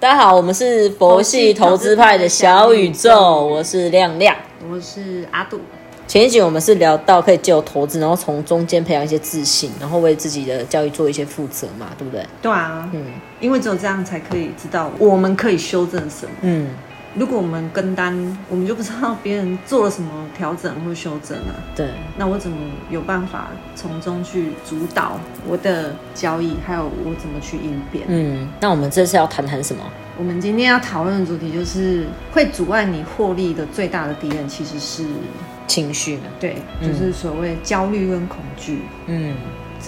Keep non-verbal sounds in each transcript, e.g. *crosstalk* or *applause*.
大家好，我們是佛系投資派的小宇宙，我是亮亮，我是阿杜。前一集我們是聊到可以借由投資，然後從中間培養一些自信，然後為自己的教育做一些負責嘛，對不對？對啊，嗯，因為只有這樣才可以知道我們可以修正什麼，嗯。如果我們跟單，我們就不知道別人做了什麼調整或修正啊。對，那我怎麼有辦法從中去主導我的交易，還有我怎麼去應變？嗯，那我們這次要談談什麼？我們今天要討論的主題就是會阻礙你獲利的最大的敵人其實是情緒呢？對，就是所謂焦慮跟恐懼。嗯。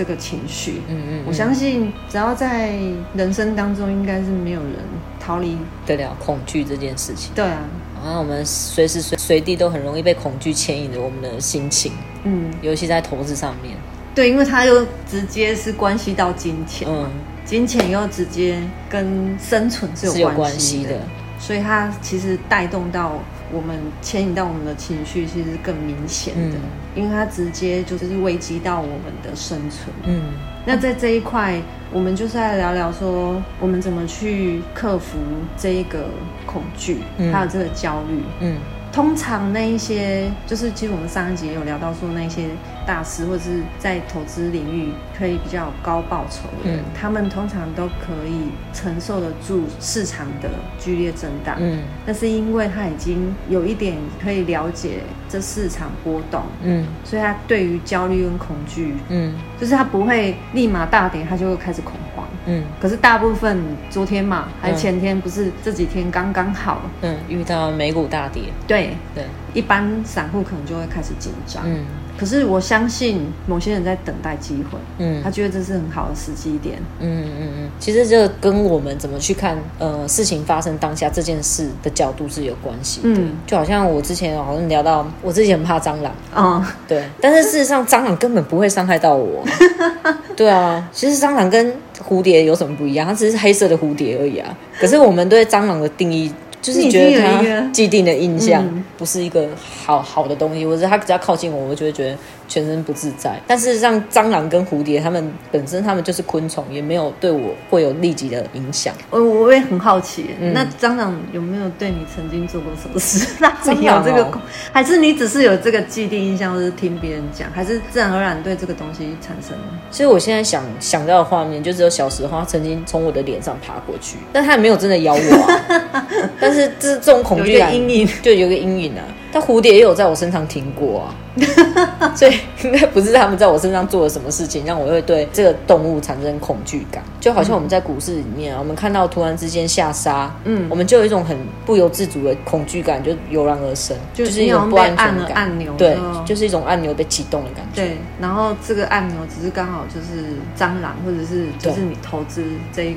這個情緒，嗯，嗯嗯，我相信只要在人生當中，應該是沒有人逃離得了恐懼這件事情。對啊，然後我們隨時隨隨地都很容易被恐懼牽引着我們的心情，嗯，尤其在投資上面，對，因為它又直接是關係到金錢，嗯，金錢又直接跟生存是有關是有關係的。所以它其實帶動到我們，牽引到我們的情緒，其實更明顯的，嗯、因為它直接就是危及到我們的生存。嗯，那在這一塊，我們就是來聊聊說，我們怎麼去克服這一個恐懼，嗯、還有這個焦慮、嗯。嗯，通常那一些，就是其實我們上一集也有聊到說，那一些。大師或者是在投資領域可以比較高報酬的人，嗯、他們通常都可以承受得住市場的劇烈震盪。嗯，但是因為他已經有一點可以了解這市場波動。嗯，所以他對於焦慮跟恐懼，嗯，就是他不會立馬大跌，他就會開始恐慌。嗯，可是大部分昨天嘛，嗯、還是前天不是這幾天剛剛好，嗯，遇到美股大跌，對對，對一般散戶可能就會開始緊張。嗯。可是我相信某些人在等待機會，嗯，他覺得這是很好的時機點，嗯嗯嗯。其實這跟我們怎麼去看呃事情發生當下這件事的角度是有關係的，嗯，就好像我之前好像聊到我之前很怕蟑螂，啊、嗯，對，但是事實上蟑螂根本不會傷害到我， *laughs* 對啊，其實蟑螂跟蝴蝶有什麼不一樣？它只是黑色的蝴蝶而已啊。可是我們對蟑螂的定義。就是覺得他既定的印象不是一個好好的東西，或者他只要靠近我，我就會覺得。全身不自在，但是像蟑螂跟蝴蝶，他們本身他們就是昆蟲，也沒有對我會有立即的影響。呃，我也很好奇，嗯、那蟑螂有沒有對你曾經做過什麼事？那蟑螂這、哦、個 *laughs* 還是你只是有這個既定印象，就是聽別人講，還是自然而然對這個東西產生？其實我現在想想到的畫面，就只有小時候他曾經從我的臉上爬過去，但他也沒有真的咬我、啊。 *laughs* 但是這這種恐懼的陰影，對，有個陰影啊。但蝴蝶也有在我身上停過啊。 *laughs* 所以應該不是他們在我身上做了什麼事情，讓我會對這個動物產生恐懼感，就好像我們在股市裡面，嗯、我們看到突然之間下殺，嗯，我們就有一種很不由自主的恐懼感就油然而生，就是有不安全的按鈕，按按鈕，對，對哦、就是一種按鈕被啟動的感覺。對，然後這個按鈕只是剛好就是蟑螂，或者是就是你投資這個，對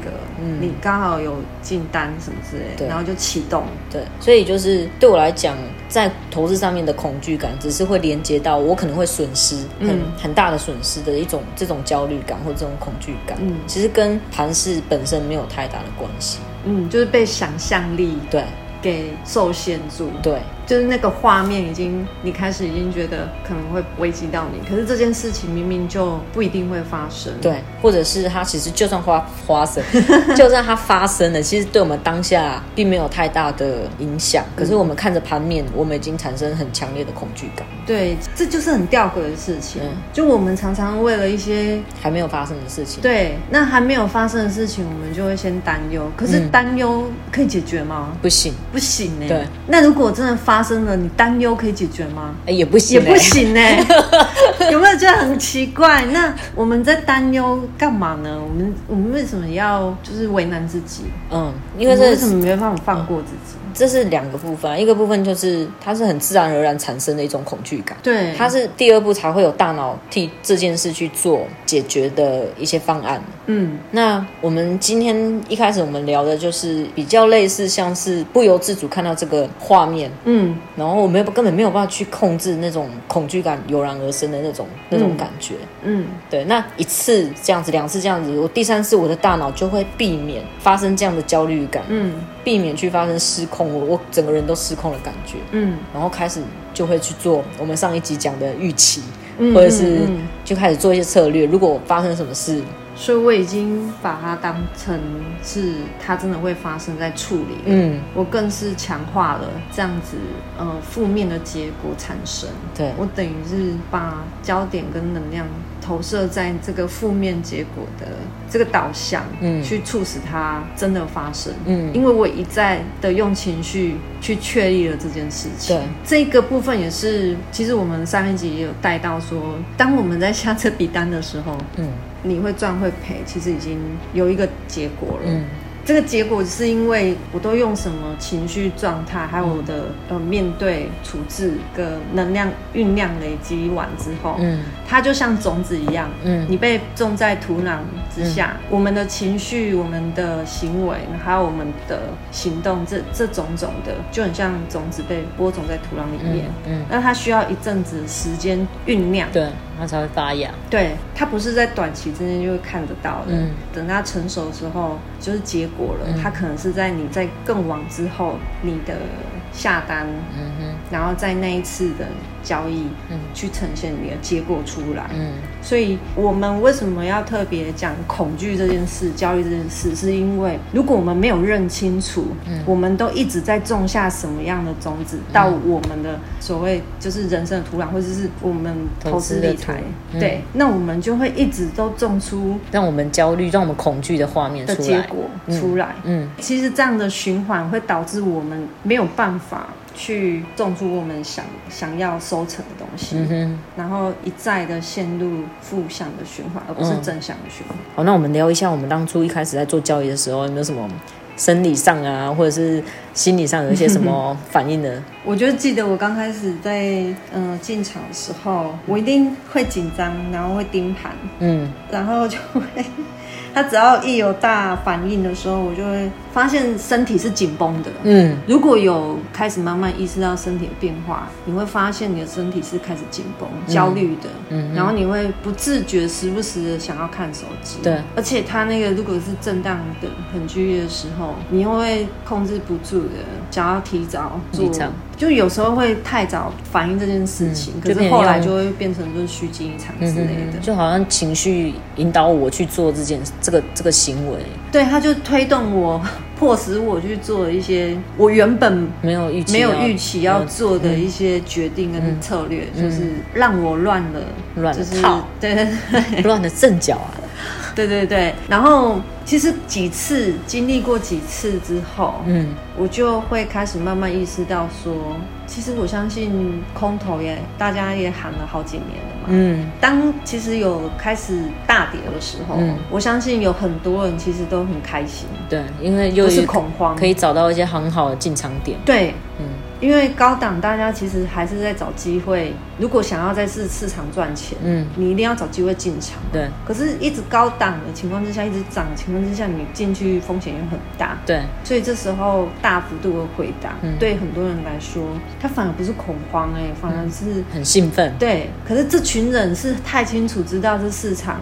你剛好有進單什麼之類，對然後就啟動。對，所以就是對我來講，在投資上面的恐懼感，只是會連接。到我可能會損失很很大的損失的一種這種焦慮感或這種恐懼感，嗯，其實跟盤勢本身沒有太大的關係，嗯，就是被想象力，對，給受限住。對。嗯，對就是那個畫面已經，你開始已經覺得可能會危及到你，可是這件事情明明就不一定會發生，對，或者是它其實就算發發生， *laughs* 就算它發生了，其實對我們當下並沒有太大的影響，嗯、可是我們看着盤面，我們已經產生很強烈的恐懼感，對，這就是很弔詭的事情。嗯、就我們常常為了一些還沒有發生的事情，對，那還沒有發生的事情，我們就會先擔憂，可是擔憂可以解決嗎？嗯、不行，不行呢、欸。對，那如果真的發發生了，你擔憂可以解決嗎？哎，也不行、欸，也不行呢、欸。 *laughs* *laughs* 有沒有覺得很奇怪？那我們在擔憂幹嘛呢？我們我們為什麼要就是為難自己？嗯，因為我為什麼沒有辦法放過自己？嗯這是兩個部分，啊，一個部分就是它是很自然而然產生的一種恐懼感，對，它是第二步才會有大腦替這件事去做解決的一些方案。嗯，那我們今天一開始我們聊的就是比較類似，像是不由自主看到這個畫面，嗯，然後我們根本沒有辦法去控制那種恐懼感油然而生的那種、嗯、那種感覺，嗯，對，那一次這樣子，兩次這樣子，我第三次我的大腦就會避免發生這樣的焦慮感，嗯。避免去發生失控，我整個人都失控的感覺。嗯，然後開始就會去做我們上一集講的預期，嗯，或者是就開始做一些策略。如果發生什麼事。所以我已經把它當成是它真的會發生在處理了，嗯，我更是強化了這樣子，呃，負面的結果產生，對，我等於是把焦點跟能量投射在這個負面結果的這個導向，嗯，去促使它真的發生，嗯，因為我一再的用情緒去確立了這件事情，對，這個部分也是，其實我們上一集也有帶到說，當我們在下這筆單的時候，嗯。你會賺會賠，其實已經有一個結果了。嗯、這個結果是因為我都用什麼情緒狀態，還有我的、嗯、呃面對處置跟能量醞釀累積完之後，嗯，它就像種子一樣，嗯，你被種在土壤之下。嗯嗯、我們的情緒、我們的行為，還有我們的行動，這這種種的，就很像種子被播種在土壤裡面，嗯，那、嗯、它需要一陣子時間醞釀，對。它才會發芽，對，它不是在短期之間就會看得到的。嗯，等它成熟之後，就是結果了。它、嗯、可能是在你在更晚之後，你的。下單，嗯哼，然後在那一次的交易，嗯，去呈現你的結果出來，嗯，所以我們為什麼要特別講恐懼這件事、焦慮這件事？是因為如果我們沒有認清楚，嗯，我們都一直在種下什麼樣的種子、嗯、到我們的所謂就是人生的土壤，或者是我們投資理財，嗯、對，那我們就會一直都種出讓我們焦慮、讓我們恐懼的畫面出來的結果出來，嗯，嗯，其實這樣的循環會導致我們沒有辦法。法去種出我們想想要收成的東西，嗯、哼然後一再的陷入負向的循環，而不是正向的循環、嗯。好，那我們聊一下，我們當初一開始在做交易的時候，有沒有什麼生理上啊，或者是心理上有一些什麼反應的？嗯、我就記得我剛開始在嗯進、呃、場的時候，我一定會緊張，然後會盯盤，嗯，然後就會呵呵。他只要一有大反應的時候，我就會發現身體是緊繃的。嗯，如果有開始慢慢意識到身體的變化，你會發現你的身體是開始緊繃、嗯、焦慮的。嗯，嗯，然後你會不自覺時不時的想要看手機。對，而且他那個如果是震盪的很劇烈的時候，你又會控制不住的想要提早離場。就有時候會太早反應這件事情，嗯、可是後來就會變成就是虛驚一場之類的。嗯、就好像情緒引導我去做這件、這個、這個行為，對，他就推動我、迫使我去做一些我原本沒有預期，沒有預期要做的一些決定跟策略，嗯、就是讓我亂了亂套，就是、對,對,對，亂了陣腳啊。對對對，然後其實幾次經歷過幾次之後，嗯，我就會開始慢慢意識到說，其實我相信空頭也大家也喊了好幾年了嘛，嗯，當其實有開始大跌的時候，嗯，我相信有很多人其實都很開心，對，因為又是恐慌，可以找到一些很好的進場點，對，嗯。因為高檔，大家其實還是在找機會。如果想要在市市場賺錢，嗯，你一定要找機會進場。對，可是一直高檔的情況之下，一直漲的情況之下，你進去風險又很大。對，所以這時候大幅度的回檔，嗯、對很多人來說，他反而不是恐慌、欸，哎，反而是、嗯、很興奮。對，可是這群人是太清楚知道這市場。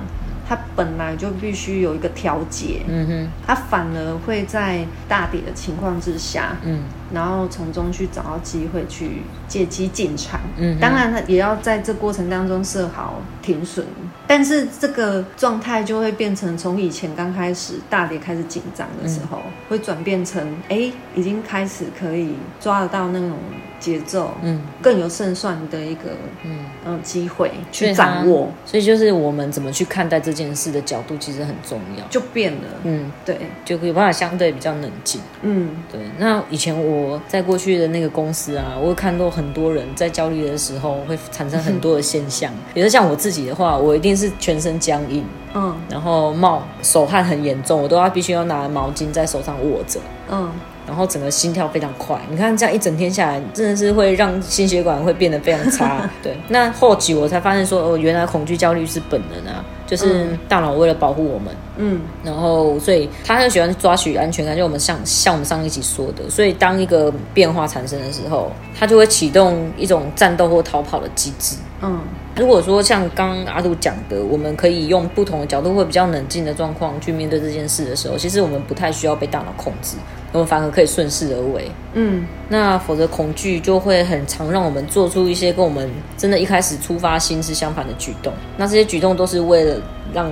它本來就必須有一個調節，嗯哼，它反而會在大跌的情況之下，嗯，然後從中去找到機會，去借機進場，嗯哼，當然呢，也要在這過程當中設好停損，但是這個狀態就會變成從以前剛開始大跌開始緊張的時候，嗯，會轉變成哎，已經開始可以抓得到那種。節奏，嗯，更有勝算的一個，嗯、嗯，機會去掌握，所以就是我們怎麼去看待這件事的角度其實很重要，就變了，嗯，對，就有辦法相對比較冷靜，嗯，對。那以前我在過去的那個公司啊，我有看到很多人在焦慮的時候會產生很多的現象，嗯、也就是像我自己的話，我一定是全身僵硬，嗯，然後冒手汗很嚴重，我都要必須要拿毛巾在手上握着，嗯。然後整個心跳非常快，你看這樣一整天下來，真的是會讓心血管會變得非常差。 *laughs* 對，那後期我才發現說，哦、呃，原來恐懼焦慮是本能啊，就是大腦為了保護我們，嗯，然後所以他很喜歡抓取安全感，就我們像像我們上一集說的，所以當一個變化產生的時候，他就會啟動一種戰鬥或逃跑的機制，嗯。如果說像剛剛阿杜講的，我們可以用不同的角度，會比較冷靜的狀況去面對這件事的時候，其實我們不太需要被大腦控制，我們反而可以順勢而為。嗯，那否則恐懼就會很常讓我們做出一些跟我們真的一開始出發心智相反的舉動。那這些舉動都是為了讓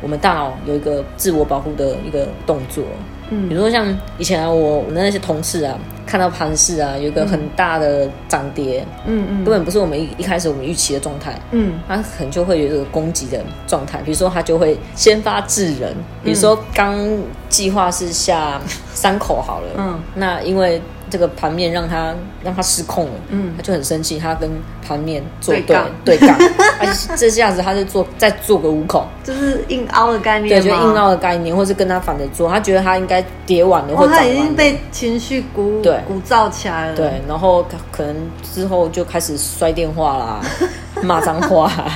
我們大腦有一個自我保護的一個動作。嗯，比如說像以前啊，我我們那些同事啊，看到盤勢啊，有個很大的漲跌，嗯嗯，嗯嗯，根本不是我們一一開始我們預期的狀態，嗯，他可能就會有這個攻擊的狀態，比如說他就會先發制人，嗯、比如說剛計劃是下三口好了，嗯，那因為，這個盤面讓他讓他失控了，嗯，他就很生氣，他跟盤面作對對槓，這槓 *laughs* 這下子他就做再做個五口，就是硬凹的概念，對，就硬凹的概念，嗎或是跟他反着做，他覺得他應該跌完了，者、哦、他已經被情緒鼓鼓噪起來了，對，對，然後他可能之後就開始摔電話啦， *laughs* 罵髒話。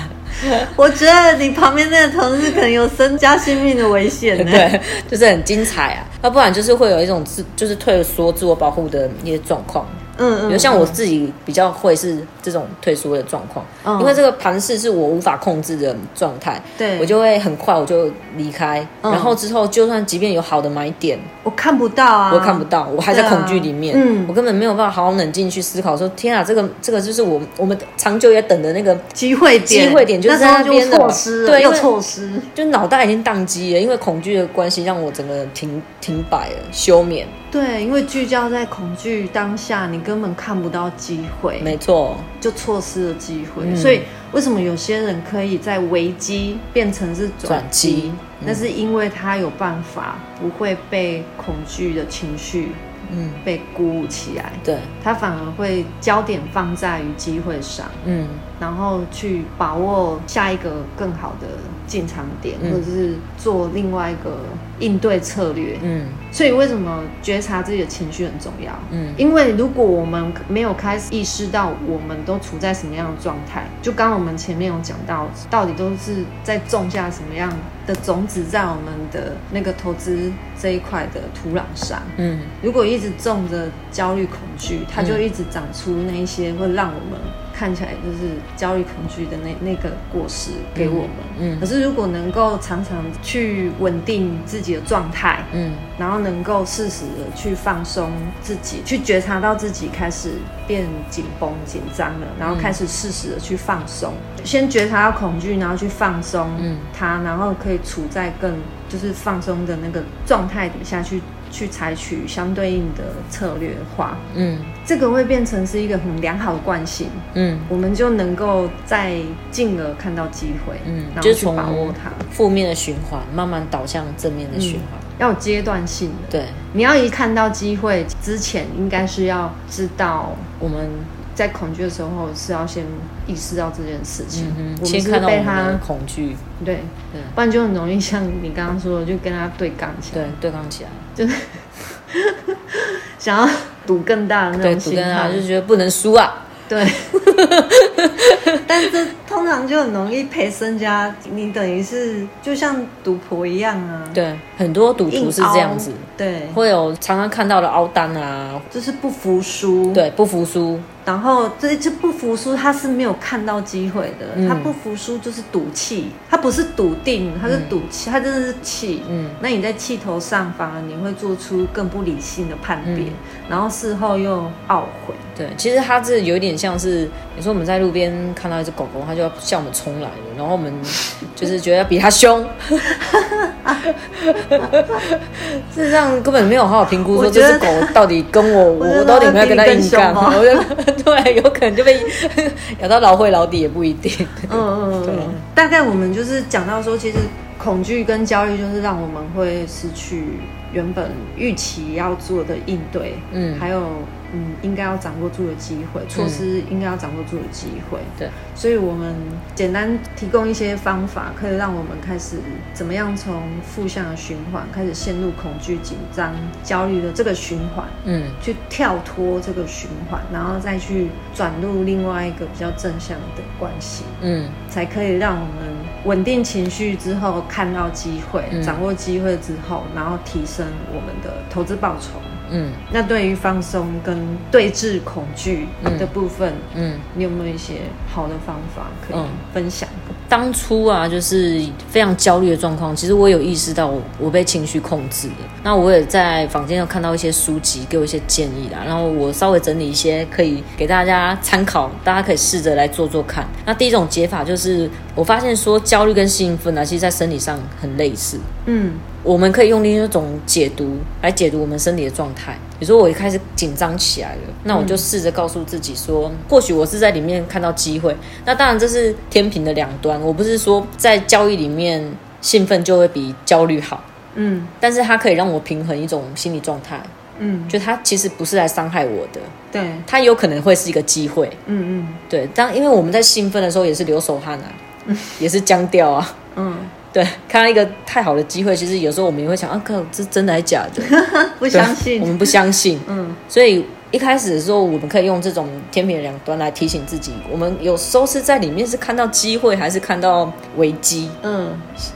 *laughs* 我覺得你旁邊那個同事可能有身家性命的危險呢，對，就是很精彩啊，要不然就是會有一種自就是退縮、自我保護的一些狀況。嗯，嗯嗯，比如像我自己比較會是。這種退縮的狀況，嗯、因為這個盤勢是我無法控制的狀態，對，我就會很快我就離開，嗯、然後之後就算即便有好的買點，我看不到啊，我看不到，我還在恐懼裡面，啊、嗯，我根本沒有辦法好好冷靜去思考說，天啊，這個這個就是我我們長久也等的那個機會點是，機會點，那時候就錯失了，對又錯失，就腦袋已經宕機了，因為恐懼的關係讓我整個停停擺了，休眠。對，因為聚焦在恐懼當下，你根本看不到機會。沒錯。就錯失了機會，嗯、所以為什麼有些人可以在危機變成是轉機？那、嗯、是因為他有辦法，不會被恐懼的情緒，嗯，被鼓舞起來。嗯、對他反而會焦點放在於機會上，嗯，然後去把握下一個更好的進場點，嗯、或者是做另外一個。應對策略，嗯，所以為什麼覺察自己的情緒很重要？嗯，因為如果我們沒有開始意識到，我們都處在什麼樣的狀態？就剛剛我們前面有講到，到底都是在種下什麼樣的種子在我們的那個投資這一塊的土壤上。嗯，如果一直種着焦慮、恐懼，它就一直長出那一些會讓我們。看起來就是焦慮恐懼的那那個果實給我們，嗯，嗯，可是如果能夠常常去穩定自己的狀態，嗯，然後能夠適時的去放鬆自己，去覺察到自己開始變緊繃緊張了，然後開始適時的去放鬆，嗯、先覺察到恐懼，然後去放鬆它，嗯、然後可以處在更就是放鬆的那個狀態底下去。去採取相對應的策略化，嗯，這個會變成是一個很良好的慣性，嗯，我們就能夠再進而看到機會，嗯，然後去把握它。負面的循環慢慢導向正面的循環。嗯，要有階段性的。對，你要一看到機會之前，應該是要知道我們。在恐懼的時候是要先意識到這件事情，我先看，被他恐懼，對，不然就很容易像你剛剛說的，就跟他對抗起來，對，對抗起來，就是想要賭更大的那種，對啊，就覺得不能輸啊，對，但是通常就很容易賠身家，你等於是就像賭婆一樣啊，對，很多賭徒是這樣子，對，會有常常看到的凹單啊，就是不服輸，對，不服輸。然後，這就不服輸，他是沒有看到機會的。他、嗯、不服輸就是賭氣，他不是篤定，他是賭氣，他、嗯、真的是氣。嗯，那你在氣頭上，反而你會做出更不理性的判別，嗯、然後事後又懊悔。對，其實他這有點像是，你說我們在路邊看到一隻狗狗，它就要向我們衝來了，然後我們就是覺得要比它凶。 *laughs* 事實上， *laughs* 讓根本沒有好好評估說，這隻狗到底跟我，我，我到底有沒有跟他硬幹？對，有可能就被咬到老會老底也不一定。嗯嗯、這個，對。嗯、大概我們就是講到說，其實恐懼跟焦慮就是讓我們會失去原本預期要做的應對。嗯，還有。嗯，應該要掌握住的機會，錯失應該要掌握住的機會。對、嗯，所以，我們簡單提供一些方法，可以讓我們開始怎麼樣從負向的循環開始，陷入恐懼、緊張、焦慮的這個循環，嗯，去跳脫這個循環，然後再去轉入另外一個比較正向的關係，嗯，才可以讓我們穩定情緒之後，看到機會，嗯、掌握機會之後，然後提升我們的投資報酬。嗯，那對於放鬆跟對峙恐懼的部分，嗯，嗯，你有沒有一些好的方法可以分享？嗯嗯、當初啊，就是非常焦慮的狀況，其實我有意識到我，我被情緒控制的。那我也在房間有看到一些書籍，給我一些建議啦。然後我稍微整理一些，可以給大家參考，大家可以試着來做做看。那第一種解法就是，我發現說焦慮跟興奮啊，其實在生理上很類似。嗯。我們可以用另一種解讀來解讀我們身體的狀態。比如說我一開始緊張起來了，那我就試着告訴自己說，或許我是在裡面看到機會。那當然這是天平的兩端，我不是說在交易裡面興奮就會比焦慮好。嗯，但是它可以讓我平衡一種心理狀態。嗯，就它其實不是來傷害我的。對，它有可能會是一個機會。嗯嗯，嗯對，當然因為我們在興奮的時候也是流手汗啊，嗯，也是僵掉啊。嗯。對，看到一個太好的機會，其實有時候我們也會想，啊這真的還是假的？ *laughs* 不相信，我們不相信。嗯，所以一開始的時候，我們可以用這種天平的兩端來提醒自己，我們有時候是在裡面是看到機會，還是看到危機？嗯，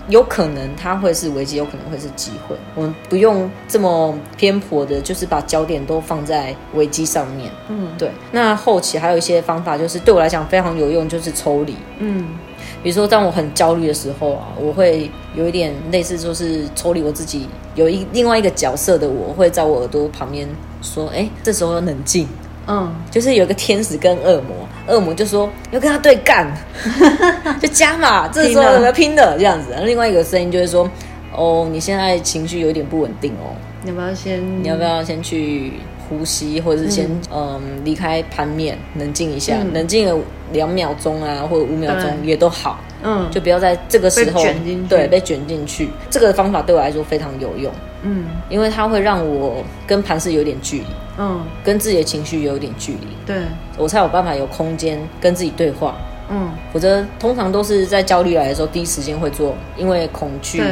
有可能它會是危機，有可能會是機會。我們不用這麼偏頗的，就是把焦點都放在危機上面。嗯，對。那後期還有一些方法，就是對我來講非常有用，就是抽離。嗯。比如說，當我很焦慮的時候啊，我會有一點類似，說是抽離我自己，有一另外一個角色的我，我會在我耳朵旁邊說：“哎、欸，這時候要冷靜。”嗯，就是有一個天使跟惡魔，惡魔就說你要跟他對幹， *laughs* 就加嘛，這時候要拼的 *laughs* 了這樣子、啊。另外一個聲音就會說：“哦，你現在情緒有一點不穩定哦，你要不要先？你要不要先去？”呼吸，或者是先嗯、嗯、離開盤面，冷靜一下，嗯、冷靜了兩秒鐘啊，或者五秒鐘也都好，嗯對，就不要在這個時候被捲進去，對，被捲進去。這個方法對我來說非常有用，嗯，因為它會讓我跟盤勢有點距離，嗯，跟自己的情緒有點距離，對，我才有辦法有空間跟自己對話，嗯，否則通常都是在焦慮來的時候第一時間會做，因為恐懼。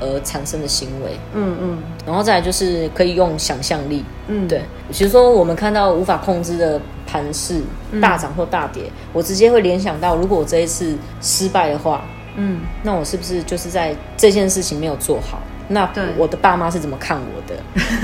而產生的行為，嗯嗯，嗯然後再來就是可以用想象力，嗯，對，比如說我們看到無法控制的盤勢大漲或大跌，嗯、我直接會聯想到，如果我這一次失敗的話，嗯，那我是不是就是在這件事情沒有做好？那我的爸媽是怎麼看我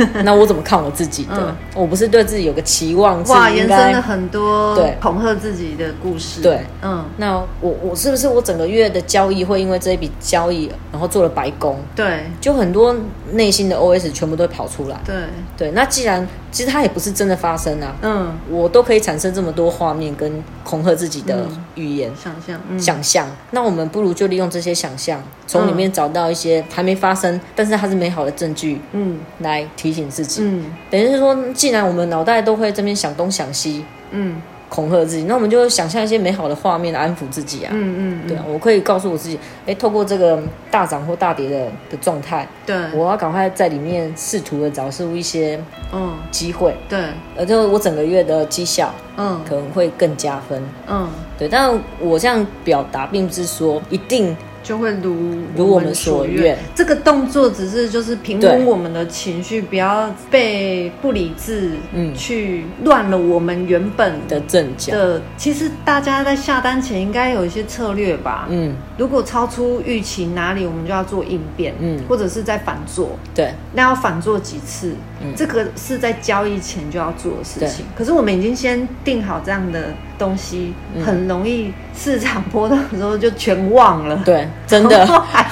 的？ *laughs* 那我怎麼看我自己的？嗯、我不是對自己有個期望，哇，延伸了很多對恐嚇自己的故事。對，嗯，那我我是不是我整個月的交易會因為這一筆交易，然後做了白工？對，就很多內心的 OS 全部都跑出來。對，對，那既然。其實它也不是真的發生啊，嗯，我都可以產生這麼多畫面跟恐嚇自己的語言，想象、嗯，想象、嗯。那我們不如就利用這些想象，從裡面找到一些還沒發生，嗯、但是它是美好的證據，嗯，來提醒自己。嗯，等於是說，既然我們腦袋都會這邊想東想西，嗯。恐嚇自己，那我們就想象一些美好的畫面，安撫自己啊。嗯嗯嗯，對，我可以告訴我自己，哎，透過這個大漲或大跌的的狀態，對，我要趕快在裡面試圖的找出一些嗯機會，對，而且我整個月的績效嗯可能會更加分，嗯，對，但我這樣表達並不是說一定。就會如如我們所願。所願這個動作只是就是平衡我們的情緒，對不要被不理智嗯去亂了我們原本的陣腳。對，其實大家在下單前應該有一些策略吧？嗯，如果超出預期哪裡，我們就要做應變，嗯，或者是在反做。對，那要反做幾次？嗯，這個是在交易前就要做的事情。對可是我們已經先定好這樣的。東西很容易市場波動的時候就全忘了，對，真的，然後還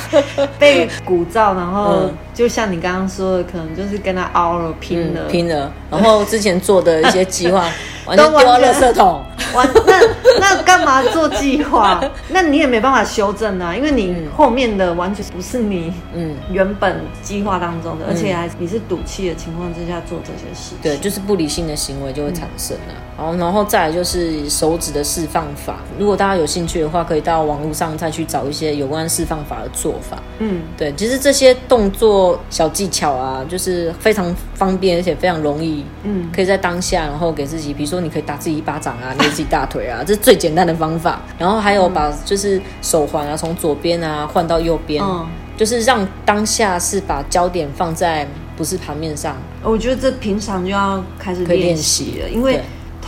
被鼓噪，然後、 *laughs* 嗯。就像你剛剛說的，可能就是跟他凹了、拼了、嗯、拼了，然後之前做的一些計劃 *laughs* 都完了，丟到垃圾桶，那那幹嘛做計劃？ *laughs* 那你也沒辦法修正啊，因為你後面的完全不是你嗯原本計劃當中的，嗯、而且還你是賭氣的情況之下做這些事情，對，就是不理性的行為就會產生了。然後、嗯，然後再來就是手指的釋放法，如果大家有興趣的話，可以到網絡上再去找一些有關釋放法的做法。嗯，對，其實這些動作。小技巧啊，就是非常方便，而且非常容易，嗯，可以在當下，然後給自己，比如說，你可以打自己一巴掌啊，捏自己大腿啊，啊這是最簡單的方法。然後還有把就是手環啊，從左邊啊換到右邊，嗯嗯、就是讓當下是把焦點放在不是盤面上。我覺得這平常就要開始練習了，可以練習了，因為。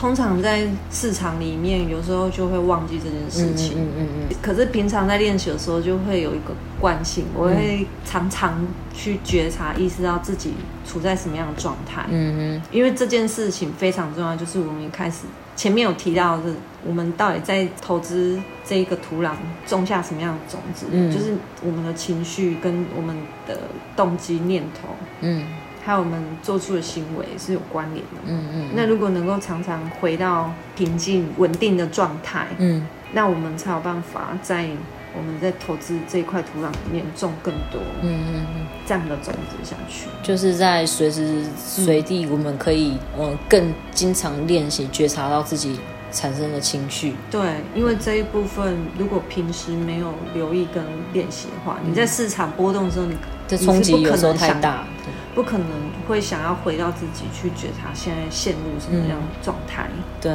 通常在市場裡面，有時候就會忘記這件事情。嗯嗯嗯嗯、可是平常在練習的時候，就會有一個慣性，嗯、我會常常去覺察、意識到自己處在什麼樣的狀態。嗯嗯、因為這件事情非常重要，就是我們一開始前面有提到的，我們到底在投資這一個土壤種下什麼樣的種子，嗯、就是我們的情緒跟我們的動機念頭。嗯還有我們做出的行為是有關聯的嗯，嗯嗯。那如果能夠常常回到平靜穩定的狀態，嗯，那我們才有辦法在我們在投資這一塊土壤裡面種更多，嗯嗯，嗯，這樣的種子下去，就是在隨時隨地我們可以，嗯，更經常練習覺察到自己。產生的情緒，對，因為這一部分如果平時沒有留意跟練習的話，嗯、你在市場波動之後，你的衝擊可能有時候太大，不可能會想要回到自己去覺察現在陷入什麼樣的狀態、嗯。對，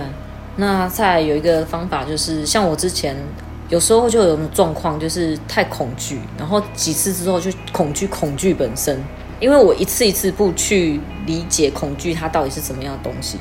那再有一個方法就是，像我之前有時候就有種狀況，就是太恐懼，然後幾次之後就恐懼恐懼本身，因為我一次一次不去理解恐懼它到底是什麼樣的東西。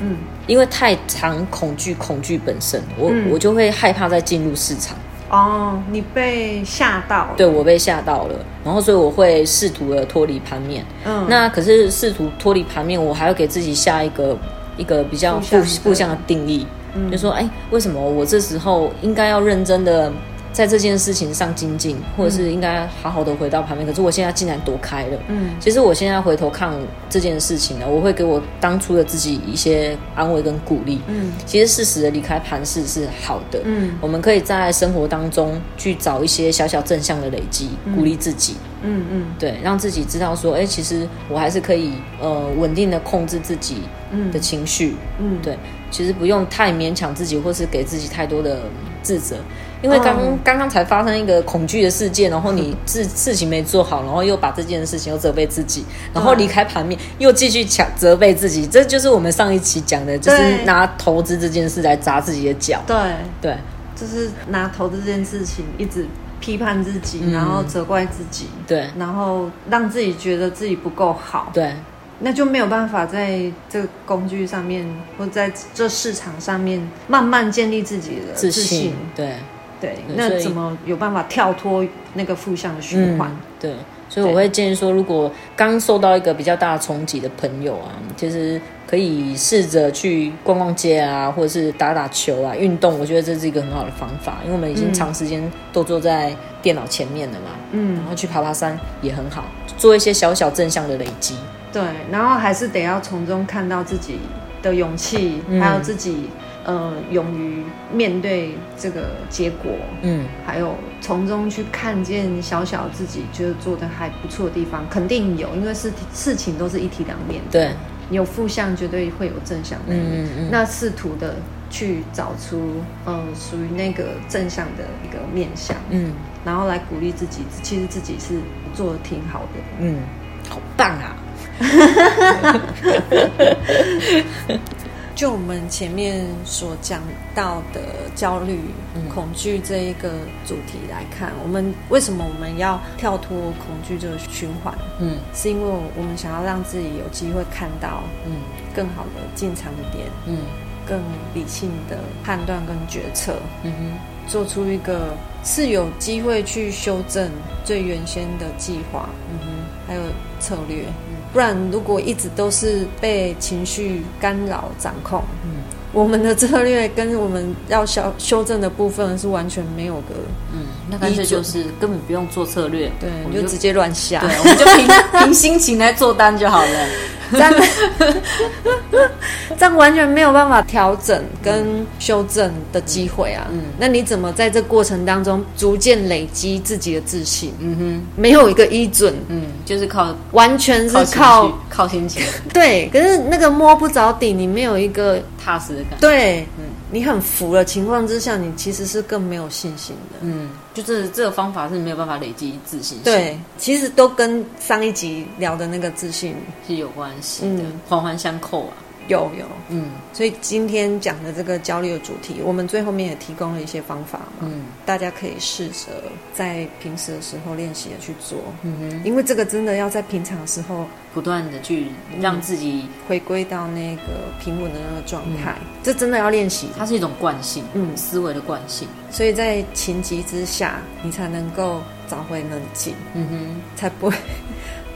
嗯，因為太常恐懼，恐懼本身，我、嗯、我就會害怕再進入市場。哦，你被嚇到了？對，我被嚇到了，然後所以我會試圖的脫離盤面。嗯，那可是試圖脫離盤面，我還要給自己下一個一個比較互相，對互相的定義，嗯、就說哎、欸，為什麼我這時候應該要認真的在這件事情上精進，或者是應該好好的回到旁邊。嗯、可是我現在竟然躲開了。嗯，其實我現在回頭看這件事情呢，我會給我當初的自己一些安慰跟鼓勵。嗯，其實適時的離開盤市是好的。嗯，我們可以在生活當中去找一些小小正向的累積，嗯、鼓勵自己。嗯嗯，嗯對，讓自己知道說，哎、欸，其實我還是可以呃穩定的控制自己的情緒、嗯。嗯，對，其實不用太勉強自己，或是給自己太多的自責。因為剛剛剛才發生一個恐懼的事件，然後你事事情沒做好，然後又把這件事情又責備自己，對然後離開盤面又繼續強責備自己，這就是我們上一期講的，對就是拿投資這件事來砸自己的腳。對對，對就是拿投資這件事情一直批判自己，嗯、然後責怪自己，對，然後讓自己覺得自己不夠好，對，那就沒有辦法在這個工具上面，或在這市場上面慢慢建立自己的自信，自信對。對，那怎麼有辦法跳脫那個負向的循環、嗯？對，所以我會建議說，如果剛受到一個比較大的衝擊的朋友啊，其實可以試着去逛逛街啊，或者是打打球啊，運動，我覺得這是一個很好的方法，因為我們已經長時間都坐在電腦前面了嘛，嗯，然後去爬爬山也很好，做一些小小正向的累積。對，然後還是得要從中看到自己的勇氣，嗯、還有自己。呃，勇於面對這個結果，嗯，還有從中去看見小小自己，覺得做得還不錯的地方，肯定有，因為事情都是一體兩面的，對，你有負向絕對會有正向的，嗯嗯嗯、那試圖的去找出，嗯、呃，屬於那個正向的一個面向，嗯，然後來鼓勵自己，其實自己是做得挺好的，嗯，好棒啊！ *laughs* *laughs* 就我們前面所講到的焦慮、嗯、恐懼這一個主題來看，我們為什麼我們要跳脫恐懼這個循環？嗯，是因為我們想要讓自己有機會看到，嗯，更好的進場的點，嗯，更理性的判斷跟決策，嗯哼，做出一個是有機會去修正最原先的計劃，嗯哼，還有策略。嗯不然，如果一直都是被情緒干擾掌控，嗯，我們的策略跟我們要修修正的部分是完全沒有的，嗯，那干脆就是根本不用做策略，對，你就，就直接亂下，對，我們就憑憑心情來做單就好了。 *laughs* 這樣， *laughs* 這樣完全沒有辦法調整跟修正的機會啊。嗯，嗯，那你怎麼在這過程當中逐漸累積自己的自信？嗯哼，沒有一個依準，嗯，就是靠，完全是靠靠心情。情對，可是那個摸不着底，你沒有一個踏實的感覺。對。嗯你很服的情況之下，你其實是更沒有信心的。嗯，就是這個方法是沒有辦法累積自信心。對，其實都跟上一集聊的那個自信是有關係，嗯，環環相扣啊。有有，有嗯，所以今天講的這個焦慮的主題，我們最後面也提供了一些方法嘛，嗯、大家可以試着在平時的時候練習也去做。嗯哼，因為這個真的要在平常的時候。不斷的去讓自己、嗯、回歸到那個平穩的那個狀態，嗯、這真的要練習。它是一種慣性，嗯，思維的慣性。所以在情急之下，你才能夠找回冷靜，嗯哼，才不會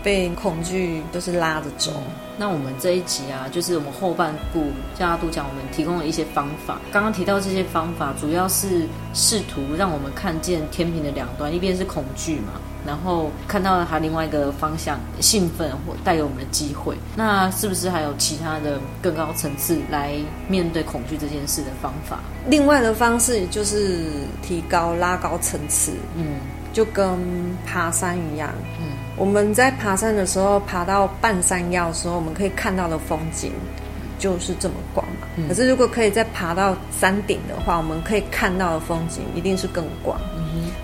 被恐懼就是拉着走。那我們這一集啊，就是我們後半部叫他讀講，我們提供了一些方法。剛剛提到這些方法，主要是試圖讓我們看見天平的兩端，一邊是恐懼嘛。然後看到了它另外一個方向，興奮或帶給我們的機會。那是不是還有其他的更高層次來面對恐懼這件事的方法？另外的方式就是提高、拉高層次。嗯，就跟爬山一樣。嗯，我們在爬山的時候，爬到半山腰的時候，我們可以看到的風景就是這麼廣嘛。嗯，可是如果可以再爬到山頂的話，我們可以看到的風景一定是更廣。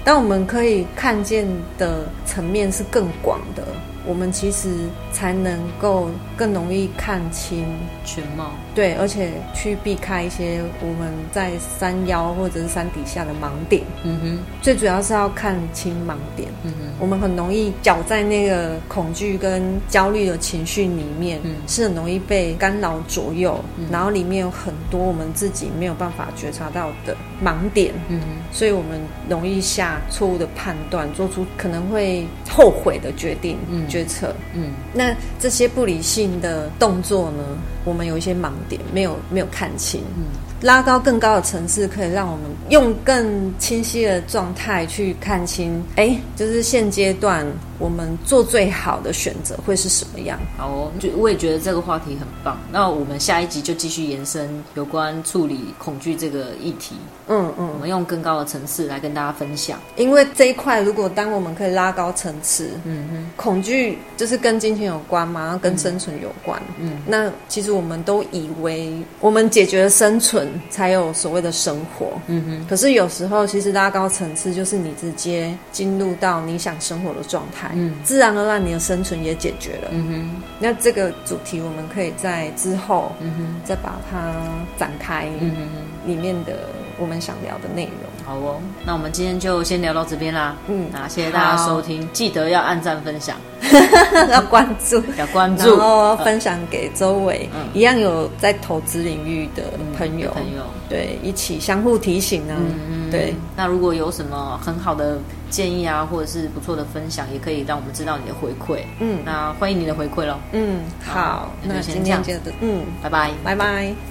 當我們可以看見的層面是更廣的，我們其實才能夠更容易看清全貌。對，而且去避開一些我們在山腰或者是山底下的盲點。嗯哼，最主要是要看清盲點。嗯哼，我們很容易攪在那個恐懼跟焦慮的情緒裡面，嗯、是很容易被干擾左右。嗯、然後裡面有很多我們自己沒有辦法覺察到的盲點。嗯哼，所以我們容易下錯誤的判斷，做出可能會後悔的決定、嗯、決策。嗯，那這些不理性的動作呢，我們有一些盲點。點沒有沒有看清，嗯，拉高更高的層次，可以讓我們用更清晰的狀態去看清。哎，就是現階段。我們做最好的選擇會是什麼樣？好哦，就我也覺得這個話題很棒。那我們下一集就繼續延伸有關處理恐懼這個議題。嗯嗯，嗯，我們用更高的層次來跟大家分享。因為這一塊，如果當我們可以拉高層次，嗯哼，恐懼就是跟金錢有關嗎？跟生存有關。嗯，那其實我們都以為我們解決了生存，才有所謂的生活。嗯哼，可是有時候其實拉高層次，就是你直接進入到你想生活的狀態。嗯，自然而然你的生存也解決了。嗯哼，那這個主題我們可以在之後，嗯哼，再把它展開。嗯哼，裡面的我們想聊的內容。好哦，那我們今天就先聊到這邊啦。嗯，那、啊、謝謝大家收聽，好記得要按讚分享， *laughs* 要關注，要關注，然後分享給周圍、嗯嗯、一樣有在投資領域的朋友，嗯、朋友對，一起相互提醒啊。嗯對，那如果有什麼很好的建議啊，或者是不錯的分享，也可以讓我們知道你的回饋。嗯，那歡迎你的回饋咯。嗯，好，那就先這樣今天就嗯，拜拜，拜拜。拜拜。